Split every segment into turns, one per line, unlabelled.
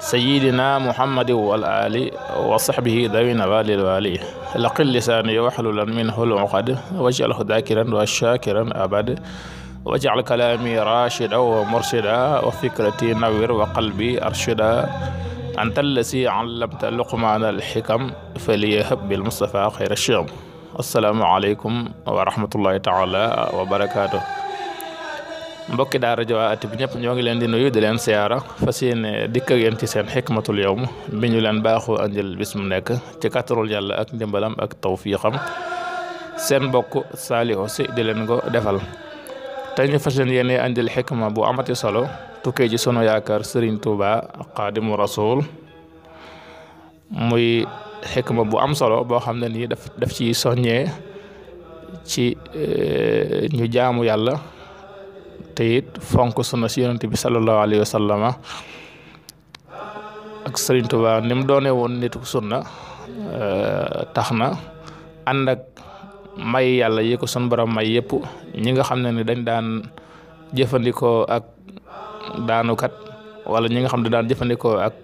sayidina muhammadin wal ali wa sahbihi dawina walil wali laqil lisaani waxlulan minhu luqad waj'alhu dakiran wa shakiran abad waj'al kalaami rashida wa mursida wa fikrati nawir wa qalbi arshida anta allasi allamta luqmaana alxikam faliyahab bil mustafa xayra sham assalaamu aleykum wa rahmatullahi taala wa barakaatuh mbokki daar daara jawaati bi ñëpp ñoo ngi leen di nuyu di leen siyaara fas yéene dikk ak yéen ci seen xikmatul yawm bi ñu leen baaxoo andil bis mu nekk ci kattarul yàlla ak ndimbalam ak tawfiixam seen mbokk Saliou Sy di leen ko defal te ñu fas yéene andil xikma bu amati solo tukkee ji sunu yaakaar Serigne Touba Xaadimu Rasuul muy xikma bu am solo boo xam ne nii daf daf ciy soññee ci eh, ñu jaamu yàlla te fonk sunna si yonent bi sallallahu alayhi wa sallama ak Sëriñ Tuubaa ni mu doone woon nitu sunna euh, tax na ànd ak may yàlla yi ko sun borom may yëpp ñi nga xam ne ni dañ daan jëfandikoo ak daanukat wala ñi nga xam ne daan jëfandikoo ak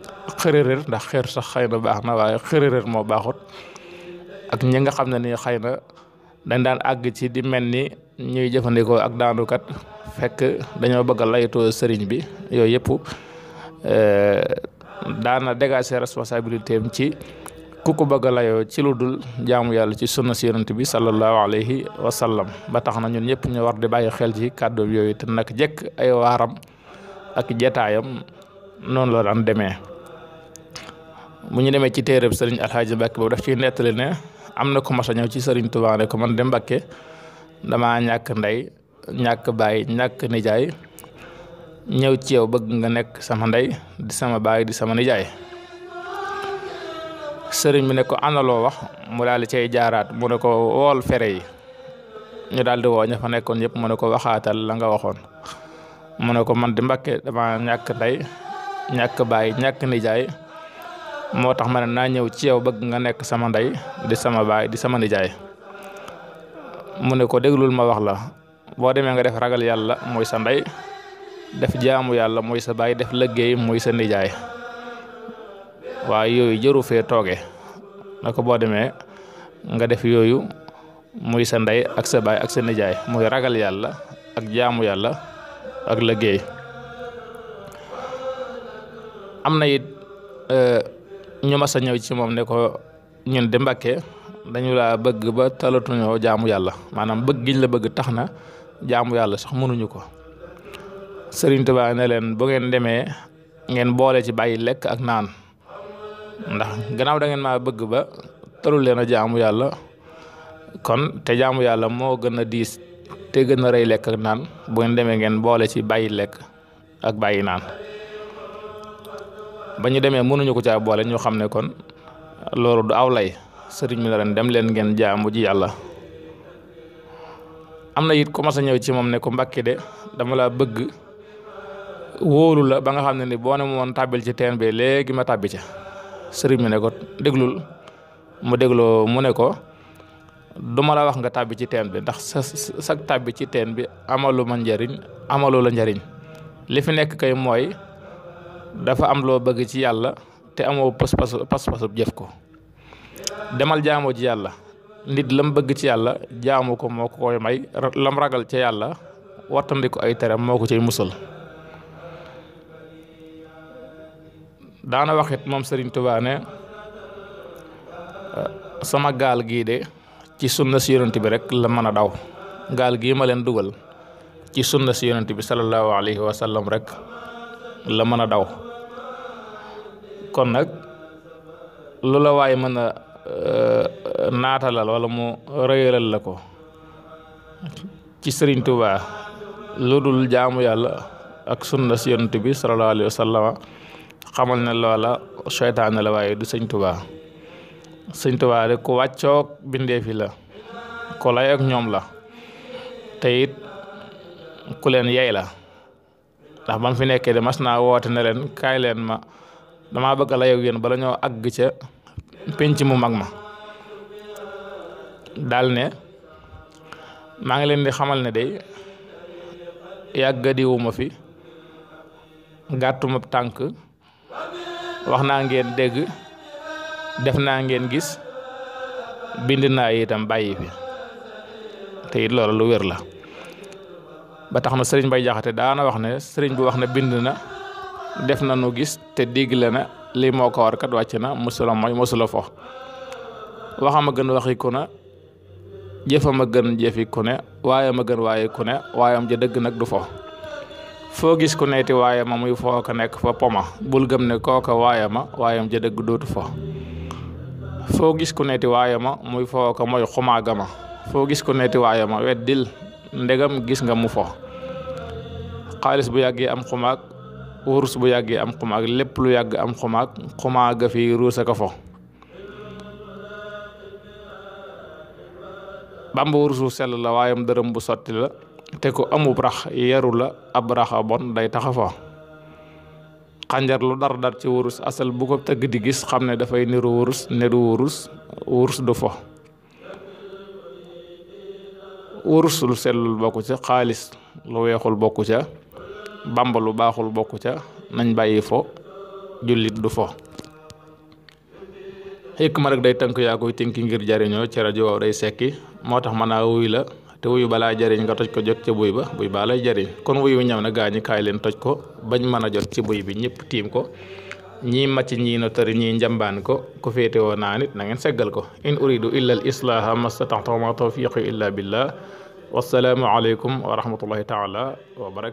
xërërër ndax xër sax xëy baax na waaye xërërër moo baaxut ak ñi nga xam ne ni xëy dañ daan àgg ci di mel ni ñuy jëfandikoo ak daanukat fekk dañoo bëgg a laytoo sëriñ bi yooyu yëpp eh, daana dégager responsabilité am ci ku ko bëgg a layoo ci lu dul jaamu yàlla ci sunna si yonent bi sallallahu alayhi wa ba tax na ñun ñëpp ñu war di bàyyi xel ci kàddu yooyu te nag jekk ay waaram ak jetaayam noonu la daan deme mu ñu demee ci téereb sëriñ Alxaaji Mbàkke boobu def ciy nettali ne am na ko mas a ci sëriñ Tuubaa ne ko man de Mbàkke damaa ñàkk ndey. ñàkk baay ñàkk nijaay ñëw ci bëgg nga nekk sama ndey di sama baay di sama nijaay sëriñ bi ne ko ana loo wax mu daal di cay jaaraat mu ne ko wool fere yi ñu daal woo ña nekkoon yëpp mu ne ko waxaatal la nga waxoon mu ne ko man di mbakke ñàkk ndey ñàkk ñàkk nijaay moo tax ma ne naa ñëw ci bëgg nga nekk sama ndey di sama baay di sama nijaay mu ne ko déglul ma wax la boo demee nga def ragal yàlla mooy sa ndey def jaamu yàlla mooy sa baay def liggéey muy sa nijaay waaye yooyu jëru fee tooge na ko boo demee nga def yooyu muy sa ndey ak sa baay ak sa nijaay muy ragal yàlla ak jaamu yàlla ak liggéey am na it eh, ñu mas a ñëw ci moom ne ko ñun di Mbàkke dañu laa bëgg ba talatuñoo jaamu yàlla maanaam bëgg giñ la bëgg tax na jaamu yàlla sax mënuñu ko Sëriñ Tuubaa ne leen bu ngeen demee ngeen boole ci bàyyi lekk ak naan ndax gannaaw da ngeen maa bëgg ba tëru leen a jaamu yàlla kon te jaamu yàlla moo gën a diis te gën a rëy lekk ak naan bu ngeen demee ngeen boole ci bàyyi lekk ak bàyyi naan ba ñu demee mënuñu ko caa boole ñu xam ne kon loolu du aw lay sëriñ mi la leen dem leen ngeen jaamu ji yàlla am na it commencé ñëw ci moom ne ko Mbàkke de dama laa bëgg wóolu la ba nga xam ne ni boo ne moon tàbbil ci teen bi léegi ma tàbbi ca sëriñ bi ne ko déglul mu dégloo mu ne ko duma ma la wax nga tàbbi ci teen bi ndax sa sa tàbbi ci teen bi amalu ma njariñ amalu la njariñ li fi nekk kay mooy dafa am loo bëgg ci yàlla te amoo pas pas pas jëf ko demal jaamoo ji yàlla nit lam bëgg ci yàlla jaamu ko moo ko koy may lam ragal ca yàlla wattandiku ay teram moo ko cay musal daana waxit moom Sëriñ Tuubaa euh, sama gaal gii de ci sunna si yonent bi rek la mën a daw gaal gii ma leen dugal ci sunna si yonent bi sallallahu alayhi wa sallam rek la mën a daw kon nag lu waay mën a Euh, naatalal wala mu rëyalal la ko ci sëriñ lu dul jaamu yàlla ak sunna si yonent bi sallallahu alayhi wa sallam xamal ne loola seytaane la waaye du sëñ Tuubaa sëñ Tuubaa rek ku la ku lay ñoom la te it ku leen yey la ndax ba fi nekkee de mas naa woote ne leen kaay leen ma damaa bëgg a lay bala ñoo àgg penc mu mag ma daal ne maa ngi leen di xamal ne day yàggadiwuma fi gàttuma tànk wax naa ngeen dégg def naa ngeen gis bind na itam bàyyi fi te it loolu lu wér la ba tax na sëriñ Bay Jaxate daana wax ne sëriñ bu wax na bind na def na nu gis te digle na lii moo ko war wàcc na mosula mooy mosula fo waxam a gën waxi ku ne jëfam a gën jëfi ku ne waayam a gën waaye ku ne waayam ja dëgg nag du fo foo gis ku neeti waayama muy foo ko nekk fa poma bul gëm ne kooka waayama waayam ja dëgg dootu fo foo gis ku neeti waayama muy foo ko mooy xumaagama foo gis ku neeti waayama weddil ndegam gis nga mu fo xaalis bu yàggee am xumaag wurus bu yàggee am xumaag lépp lu yàgg am xumaag xumaaga fi ruus aka fo bamba wurusu sell la waayam dërëm bu sotti la te ku amub rax yeru la ab raxa bon day taxa fo xànjar lu dar dar ci wurus asal bu ko tëgg di gis xam ne dafay niru wurus ne du wurus wurus du fo wurus lu bokku ca xaalis lu weexul bokku ca bàmba lu baaxul bokku ca nañ bàyyi fo jullit du fo xikma rek day tënk yaa koy tënki ngir jariñoo ci rajo waaw day sekki moo tax mën naa wuy la te wuyu balaa jariñ nga toj ko jot ca buy ba buy baa lay jariñ kon wuyu ñëw na gaa ñi kaay leen toj ko bañ mën a jot ci buy bi ñëpp tiim ko ñii màcc ñii no tëri ñii njambaan ko ko féete woo naa nit na seggal ko in uridu illa al islaha mastata'tu ma tawfiqi illa billah wassalaamu aleykum wa